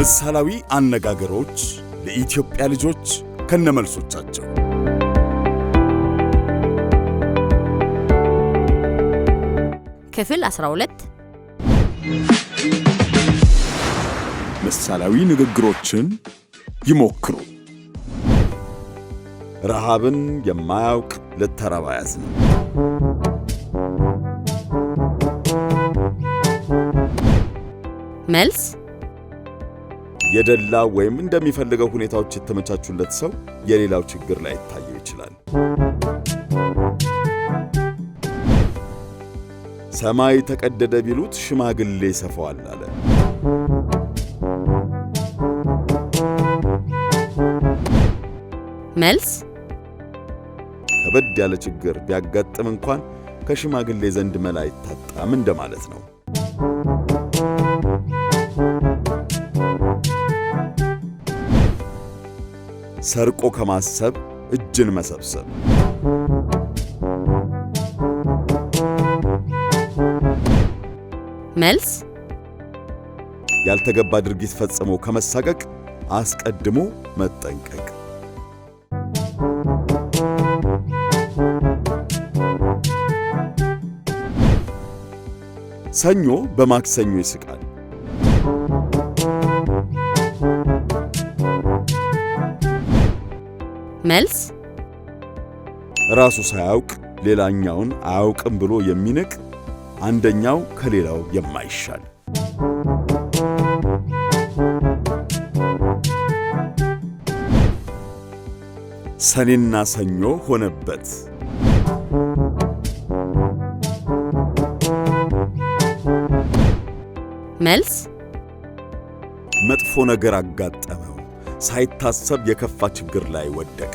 ምሳሌያዊ አነጋገሮች ለኢትዮጵያ ልጆች ከነመልሶቻቸው ክፍል 12 ምሳሌያዊ ንግግሮችን ይሞክሩ። ረሃብን የማያውቅ ልተራባ መልስ የደላ ወይም እንደሚፈልገው ሁኔታዎች የተመቻቹለት ሰው የሌላው ችግር ላይ ይታየው ይችላል። ሰማይ ተቀደደ ቢሉት ሽማግሌ ሰፈዋል አለ። መልስ ከበድ ያለ ችግር ቢያጋጥም እንኳን ከሽማግሌ ዘንድ መላ አይታጣም እንደማለት ነው። ሰርቆ ከማሰብ እጅን መሰብሰብ። መልስ ያልተገባ ድርጊት ፈጽሞ ከመሳቀቅ አስቀድሞ መጠንቀቅ። ሰኞ በማክሰኞ ይስቃል። መልስ ራሱ ሳያውቅ ሌላኛውን አያውቅም ብሎ የሚንቅ አንደኛው ከሌላው የማይሻል ሰኔና ሰኞ ሆነበት። መልስ መጥፎ ነገር አጋጠመ። ሳይታሰብ የከፋ ችግር ላይ ወደቀ።